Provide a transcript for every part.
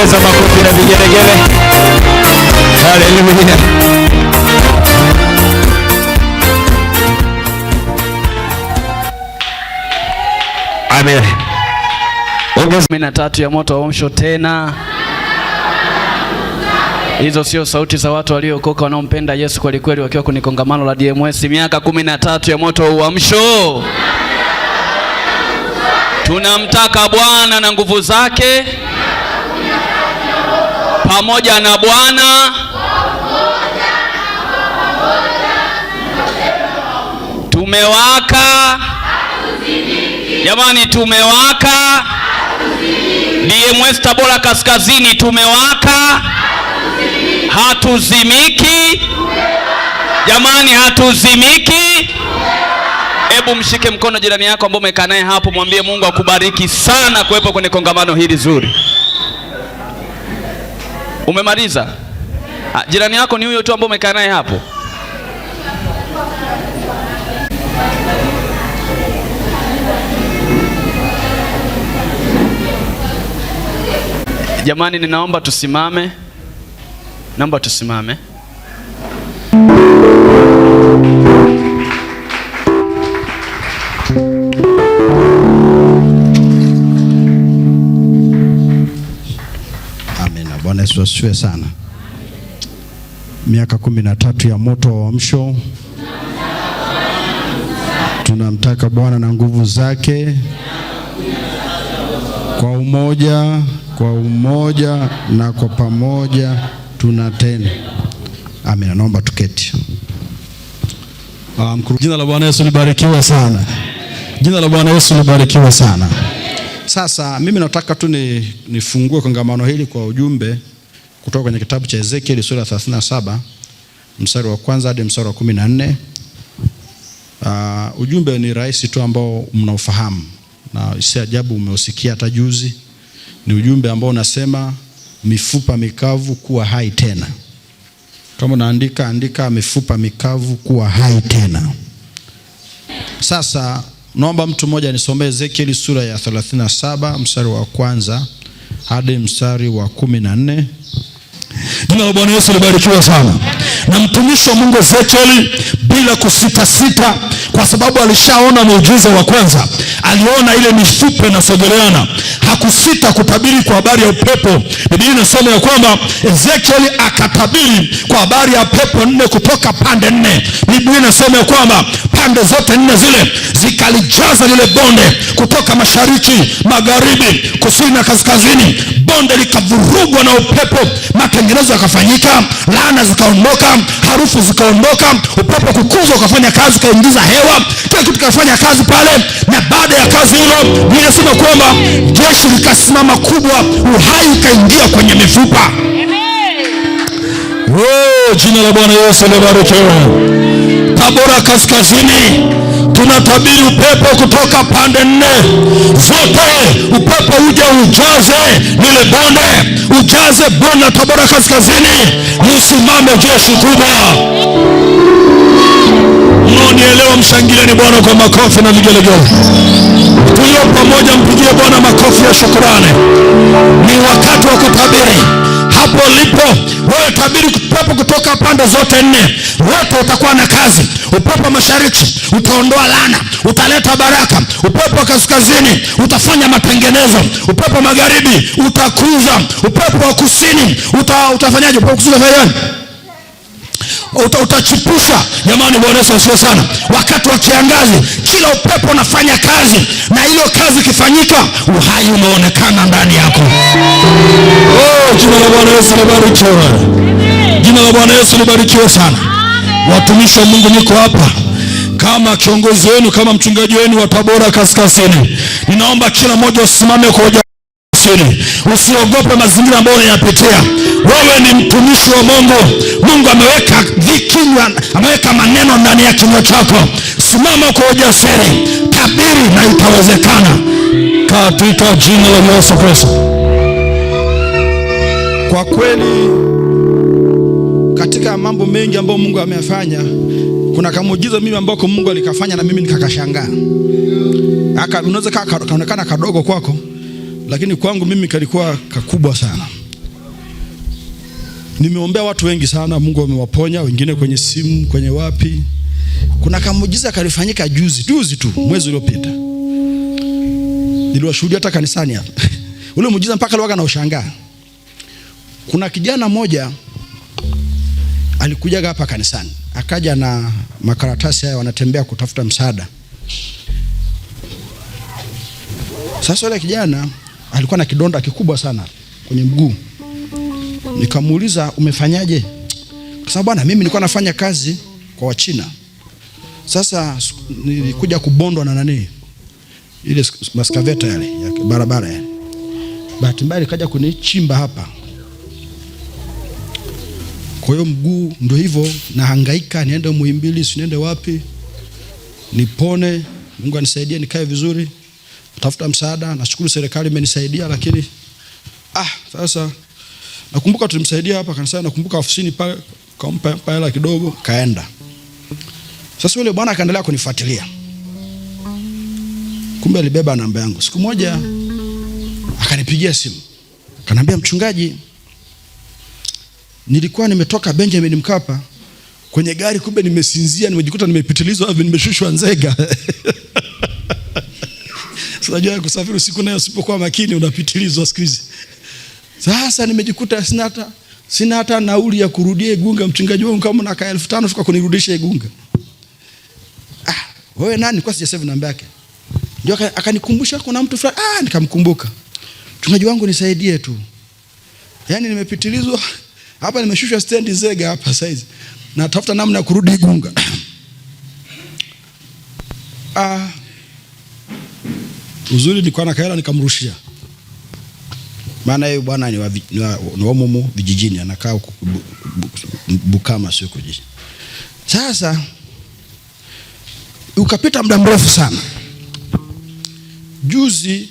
Ongeza makofi na vigelegele. Haleluya. Amen. Ongeza kumi tatu ya moto wa uamsho tena. Hizo sio sauti za watu waliokoka wanaompenda Yesu kweli kweli, wakiwa kwenye kongamano la DMS miaka kumi na tatu ya moto wa uamsho. Tunamtaka Bwana na nguvu zake pamoja na Bwana. Tumewaka jamani, tumewaka. DMS Tabora Kaskazini, tumewaka, hatuzimiki jamani, hatuzimiki. Hebu mshike mkono jirani yako ambao umekaa naye hapo, mwambie Mungu akubariki sana kuwepo kwenye kongamano hili zuri. Umemaliza? Ah, jirani yako ni huyo tu ambaye umekaa naye hapo. Jamani, ninaomba tusimame, naomba tusimame. Yesu asifiwe sana. Miaka kumi na tatu ya moto wa uamsho, tunamtaka Bwana na nguvu zake kwa umoja, kwa umoja na kwa pamoja tunatenda. Amina, naomba tuketi. Um, jina la Bwana Yesu libarikiwe sana. Jina la Bwana Yesu libarikiwe sana. Sasa mimi nataka tu nifungue ni kongamano hili kwa ujumbe kutoka kwenye kitabu cha Ezekieli sura 37 mstari wa kwanza hadi mstari wa 14. Uh, ah, ujumbe ni rahisi tu ambao mnaofahamu na si ajabu umeusikia hata juzi. Ni ujumbe ambao unasema mifupa mikavu kuwa hai tena. Kama unaandika andika mifupa mikavu kuwa hai tena. Sasa naomba mtu mmoja nisomee Ezekieli sura ya 37 mstari wa kwanza hadi mstari wa kumi na nne. Jina la Bwana Yesu libarikiwe sana. Na mtumishi wa Mungu Ezekieli bila kusitasita, kwa sababu alishaona muujiza wa kwanza, aliona ile mifupa inasogeleana, hakusita kutabiri kwa habari ya upepo. Biblia inasema ya kwamba Ezekiel akatabiri kwa habari ya pepo nne kutoka pande nne. Biblia inasema ya kwamba pande zote nne zile zikalijaza lile bonde kutoka mashariki, magharibi, kusini na kaskazini. Bonde likavurugwa na upepo, matengenezo yakafanyika, laana zikaondoka, harufu zikaondoka, upepo kukuzwa ukafanya kazi, ukaingiza hewa, kila kitu kikafanya kazi pale. Na baada ya kazi hilo, Biblia inasema kwamba jeshi Yesu likasimama kubwa, uhai ukaingia kwenye mifupa. Wow, oh, jina la Bwana Yesu libarikiwe. Tabora kaskazini tunatabiri upepo kutoka pande nne zote, upepo uje ujaze lile bonde, ujaze bonde la Tabora kaskazini, lisimame jeshi kubwa. Mnaonielewa, mshangilieni Bwana kwa makofi na vigelegele. Tulio pamoja, mpigie Bwana makofi ya shukurani. Ni wakati wa kutabiri hapo ulipo wewe, tabiri upepo kutoka pande zote nne, wote utakuwa na kazi. Upepo wa mashariki utaondoa lana utaleta baraka. Upepo wa kaskazini utafanya matengenezo. Upepo wa magharibi utakuza. Upepo wa kusini uta, utafanyaje? upepo kusini utafanyaje? uta, utachipushwa. Jamani, Bwana Yesu asifiwe sana. Wakati wa kiangazi kila upepo unafanya kazi, na hiyo kazi ikifanyika, uhai unaonekana ndani yako. Oh, jina la Bwana Yesu libarikiwe, jina la Bwana Yesu libarikiwe sana. Watumishi wa Mungu, niko hapa kama kiongozi wenu, kama mchungaji wenu wa Tabora Kaskazini. Ninaomba kila mmoja usimame kwa kweli. Usiogope mazingira ambayo unayapitia. Wewe ni mtumishi wa Mungu. Mungu ameweka vikinywa, ameweka maneno ndani ya kinywa chako. Simama kwa ujasiri, tabiri na itawezekana, katika jina la Yesu Kristo. Kwa kweli, katika mambo mengi ambayo Mungu ameyafanya kuna kamuujiza mimi ambako Mungu alikafanya na mimi nikakashangaa. Unaweza kaonekana kadogo kwako, lakini kwangu mimi kalikuwa kakubwa sana. Nimeombea watu wengi sana, Mungu amewaponya wengine, kwenye simu, kwenye wapi. Kuna kamujiza kalifanyika juzi juzi tu, mwezi uliopita, niliwashuhudia hata kanisani hapa ule muujiza mpaka leo na ushangaa. Kuna kijana mmoja alikujaga hapa kanisani, akaja na makaratasi haya, wanatembea kutafuta msaada. Sasa yule kijana alikuwa na kidonda kikubwa sana kwenye mguu. Nikamuuliza, umefanyaje? Kwa sababu bwana, mimi nilikuwa nafanya kazi kwa Wachina. Sasa nilikuja kubondwa na nani, ile maskaveta yale ya barabara yale, bahati mbaya ikaja kunichimba hapa. Kwa hiyo mguu ndio hivyo, nahangaika niende Muhimbili, si niende wapi, nipone, Mungu anisaidie nikae vizuri kutafuta msaada. Nashukuru serikali imenisaidia, lakini ah, sasa nakumbuka tulimsaidia hapa kanisani, nakumbuka ofisini pale kampa hela kidogo, kaenda. Sasa yule bwana akaendelea kunifuatilia, kumbe alibeba namba yangu. Siku moja akanipigia simu, akaniambia, mchungaji, nilikuwa nimetoka Benjamin Mkapa kwenye gari, kumbe nimesinzia, nimejikuta nimepitilizwa, nimeshushwa Nzega Tunajua kusafiri usiku nayo usipokuwa makini unapitilizwa siku hizi. Sasa nimejikuta sina hata sina hata nauli ya kurudia Igunga. Mchungaji wangu kama na kaya elfu tano fika kunirudisha Igunga. Ah, wewe nani? Kwa sijasave namba yake. Ndio akanikumbusha kuna mtu fulani. Ah, nikamkumbuka. Mchungaji wangu nisaidie tu. Yaani nimepitilizwa hapa, nimeshushwa stendi Nzega hapa saizi. Natafuta namna ya kurudi Igunga. Ah, Uzuri nilikuwa na kaela nikamrushia, maana yeye bwana ni wa, ni wa, mumu vijijini anakaa huko Bukama sio kijiji. Sasa ukapita muda mrefu sana. Juzi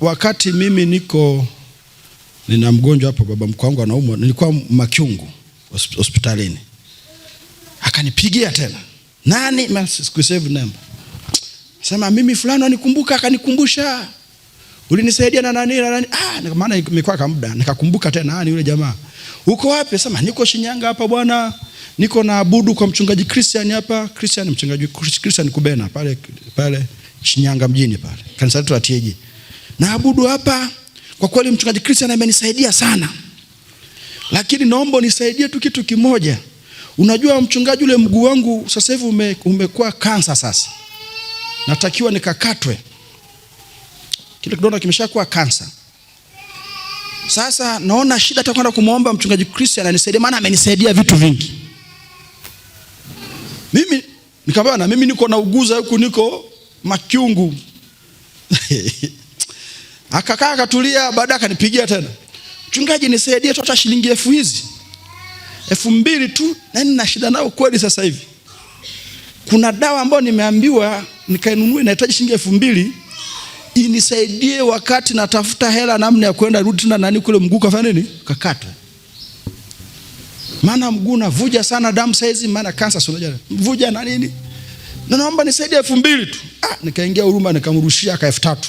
wakati mimi niko nina mgonjwa hapo, baba mkwe wangu anaumwa, nilikuwa Makyungu hospitalini, akanipigia tena nani, sikusave namba Sema mimi fulani anikumbuka akanikumbusha. Ulinisaidia na nani na nani? Ah, na maana imekuwa kama muda. Nikakumbuka tena nani yule jamaa. Uko wapi? Sema niko Shinyanga hapa bwana. Niko naabudu kwa mchungaji Christian hapa. Christian mchungaji Christian Kubena pale pale Shinyanga mjini pale. Kanisa letu la TAG. Naabudu hapa. Kwa kweli mchungaji Christian amenisaidia sana. Lakini naomba nisaidie tu kitu kimoja. Unajua mchungaji, ule mguu wangu sasa hivi ume, umekuwa kansa sasa natakiwa nikakatwe. Kile kidonda kimeshakuwa kansa. Sasa naona shida hata kwenda kumwomba mchungaji Kristo ananisaidia, maana amenisaidia vitu vingi. Mimi nikamwambia na mimi niko nauguza huku, niko makiungu akakaa akatulia, baadaye akanipigia tena, mchungaji nisaidie tu hata shilingi elfu hizi elfu mbili tu, na nina shida nao kweli. Sasa hivi kuna dawa ambayo nimeambiwa nikainunua, inahitaji shilingi elfu mbili inisaidie wakati natafuta hela namna ya kwenda rudi tena nani kule, mguu kafanya nini, kakatwa. Maana mguu navuja sana damu saizi, maana kansa si unajua mvuja na nini, na naomba nisaidie elfu mbili tu. Ah, nikaingia huruma, nikamrushia aka elfu tatu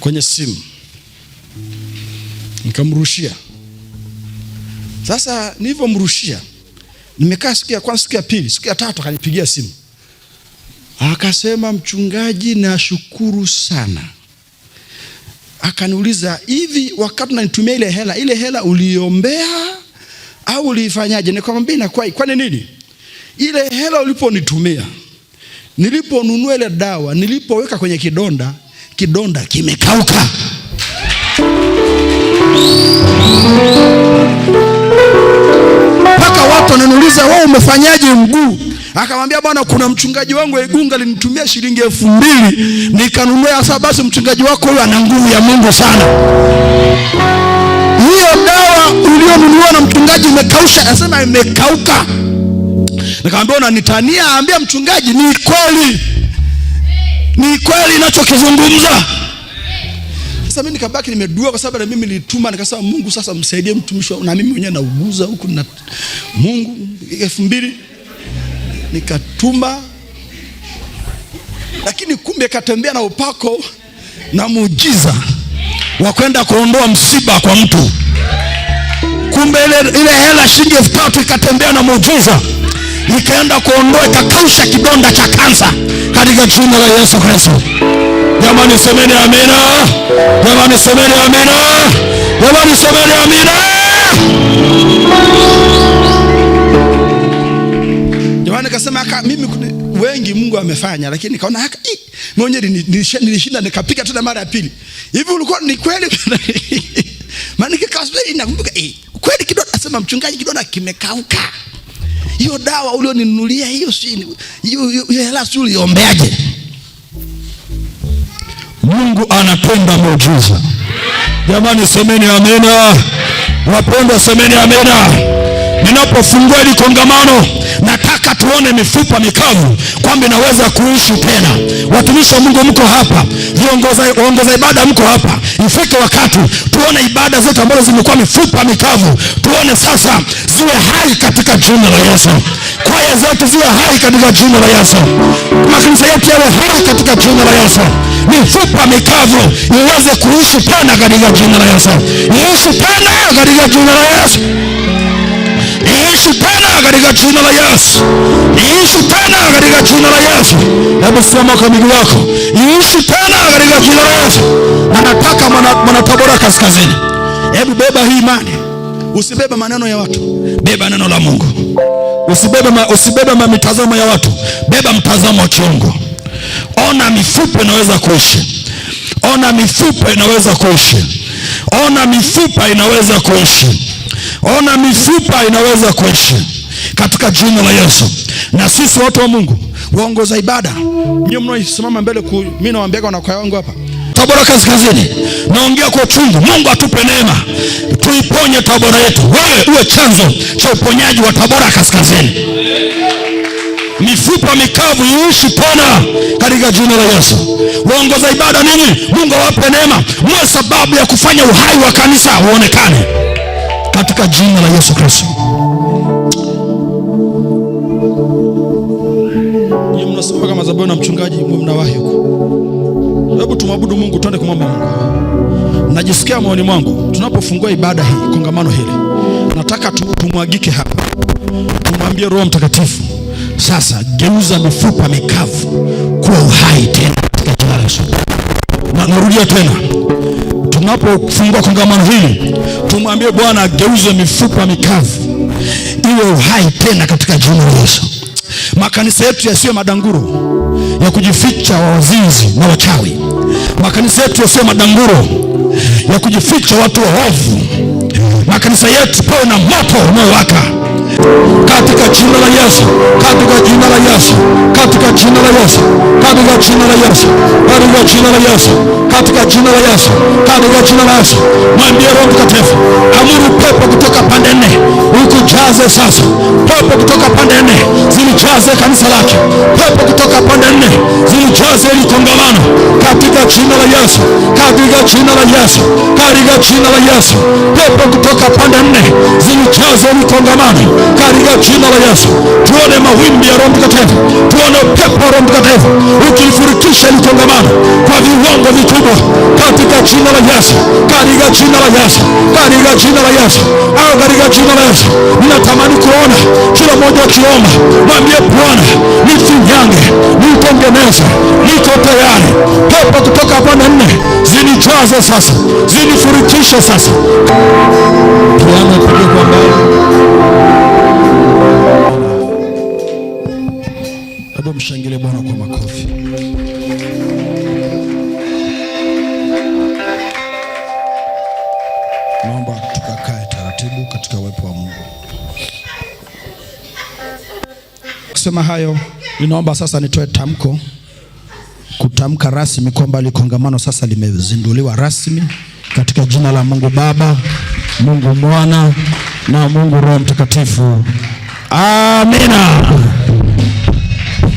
kwenye simu, nikamrushia. Sasa nilivyomrushia, nimekaa siku ya kwanza, siku ya pili, siku ya tatu akanipigia simu Akasema, mchungaji, nashukuru sana. Akaniuliza, hivi wakati nanitumia ile hela, ile hela uliombea au uliifanyaje? Nikamwambia inakwai. Kwani nini? Ile hela uliponitumia, niliponunua ile dawa, nilipoweka kwenye kidonda, kidonda kimekauka. Mpaka watu wananiuliza, wewe umefanyaje mguu akamwambia bwana, kuna mchungaji wangu wa Igunga alinitumia shilingi elfu mbili nikanunua. Sasa basi, mchungaji wako huyo ana nguvu ya Mungu sana. Hiyo dawa uliyonunua na mchungaji imekausha, anasema imekauka. Nikamwambia unanitania? Ambia mchungaji, ni kweli, ni kweli ninachokizungumza. Sasa mimi nikabaki nimedua, kwa sababu na mimi nilituma, nikasema Mungu sasa msaidie mtumishi, na mimi mwenyewe nauguza huku na Mungu elfu mbili nikatuma, lakini kumbe katembea na upako na muujiza wa kwenda kuondoa msiba kwa mtu. Kumbe ile, ile hela shilingi elfu tatu ikatembea na muujiza ikaenda kuondoa, ikakausha kidonda cha kansa katika jina la Yesu Kristo. Jamani, semeni amina! Jamani, semeni amina! Jamani, semeni amina! nikasema aka mimi wengi Mungu amefanya, lakini nikaona haka mwenye nilishinda, nikapiga tena mara ya pili. Hivi ulikuwa ni kweli? maana nikakasema inakumbuka eh, kweli kidonda. asema mchungaji, kidonda kimekauka, hiyo dawa ulioninunulia hiyo, si hiyo hela, si uliombeaje? Mungu anapenda muujiza. Jamani, semeni amena. Wapendwa, semeni amena. Ninapofungua hili kongamano Nataka tuone mifupa mikavu kwamba inaweza kuishi tena. Watumishi wa Mungu mko hapa, waongoza ibada mko hapa, ifike wakati tuone ibada zetu ambazo zimekuwa mifupa mikavu, tuone sasa ziwe hai katika jina la Yesu. Kwaya zetu ziwe hai katika jina la Yesu. Makanisa yetu yawe hai katika jina la Yesu. Mifupa mikavu iweze kuishi tena katika jina la Yesu, iishi tena katika jina la Yesu. Niishi tena katika jina la Yesu. Niishi tena katika jina la Yesu. Hebu simama kwa miguu yako. Niishi tena katika jina la Yesu. Na nataka mwana Tabora kaskazini. Hebu beba hii imani. Usibebe maneno ya watu. Beba neno la Mungu. Usibebe ma, usibebe ma mitazamo ya watu. Beba mtazamo wa kiungu. Ona mifupa inaweza kuishi. Ona mifupa inaweza kuishi. Ona mifupa inaweza kuishi. Ona mifupa inaweza kuishi katika jina la Yesu. Na sisi watu wa Mungu waongoza ibada, nyinyi mnaisimama mbele ku, mimi nawaambia na kwaya wangu hapa Tabora Kaskazini, naongea kwa uchungu. Mungu atupe neema tuiponye Tabora yetu, wewe uwe chanzo cha uponyaji wa Tabora Kaskazini. Mifupa mikavu iishi pona katika jina la Yesu. Waongoza ibada nini Mungu awape neema, muwe sababu ya kufanya uhai wa kanisa uonekane katika jina la Yesu Kristo. Ni mnasoma madhabahu na mchungaji mnawahi huko. Hebu tumwabudu Mungu, twende kumwomba Mungu. Najisikia moyoni mwangu tunapofungua ibada hii, kongamano hili, nataka tumwagike hapa, tumwambie Roho Mtakatifu, sasa geuza mifupa mikavu kuwa uhai tena katika jina la Yesu. Na narudia tena tunapofungua kongamano hili, tumwambie Bwana ageuze mifupa mikavu iwe uhai tena katika jina la Yesu. Makanisa yetu yasiyo madanguro ya kujificha wa wazinzi na wachawi. Makanisa yetu yasiyo madanguro ya kujificha watu waovu. Makanisa yetu pawe na moto unaowaka katika jina la Yesu, katika jina la Yesu, katika jina la Yesu, katika jina la Yesu, katika jina la Yesu, katika jina la Yesu, katika jina la Yesu, mwambie Roho Mtakatifu zilijaze sasa. Pepo kutoka pande nne zilijaze kanisa lake. Pepo kutoka pande nne zilijaze ili kongamano katika jina la Yesu, katika jina la Yesu, katika jina la Yesu. Pepo kutoka pande nne zilijaze ili kongamano katika jina la Yesu. Tuone mawimbi ya Roho Mtakatifu, tuone pepo wa Roho Mtakatifu ukifurikisha ili kongamano kwa viwango vikubwa katika jina la Yesu, katika jina la Yesu, katika jina la Yesu, au katika jina la Yesu tamani kuona, kila mmoja akiomba, mwambie Bwana, nifinyange, nitengeneze, niko tayari. Pepo kutoka Bwana nne zinijaze sasa, zinifurikishe sasa. kuja kwa mbali, hebu mshangilie Bwana. kusema hayo, ninaomba sasa nitoe tamko kutamka rasmi kwamba ile kongamano sasa limezinduliwa rasmi katika jina la Mungu Baba, Mungu Mwana na Mungu Roho Mtakatifu. Amina,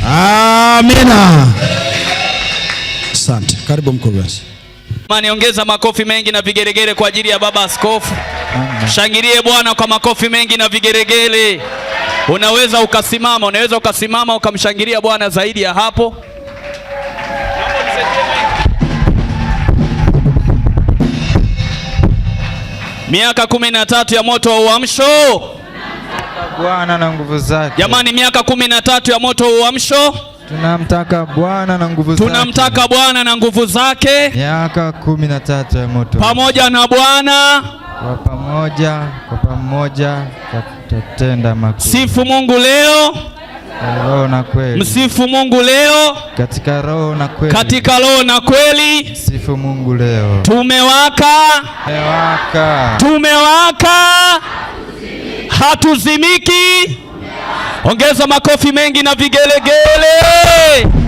amina. Asante, karibu mkurugenzi. Niongeza makofi mengi na vigeregere kwa ajili ya baba askofu. Shangilie Bwana kwa makofi mengi na vigeregere. Unaweza ukasimama, unaweza ukasimama ukamshangilia Bwana zaidi ya hapo. Miaka kumi na tatu ya moto wa uamsho. Bwana na nguvu zake. Jamani, miaka kumi na tatu ya moto wa uamsho. Tunamtaka Bwana na nguvu zake. Tunamtaka Bwana na nguvu zake. Miaka kumi na tatu ya moto. Pamoja na Bwana. Kwa pamoja, kwa pamoja. Kwa Utatenda makuu. Sifu Mungu leo. Roho na kweli. Msifu Mungu leo. Katika roho na kweli. Katika roho na kweli. Msifu Mungu leo. Tumewaka. Tumewaka. Tumewaka. Hatuzimiki. Ongeza makofi mengi na vigelegele.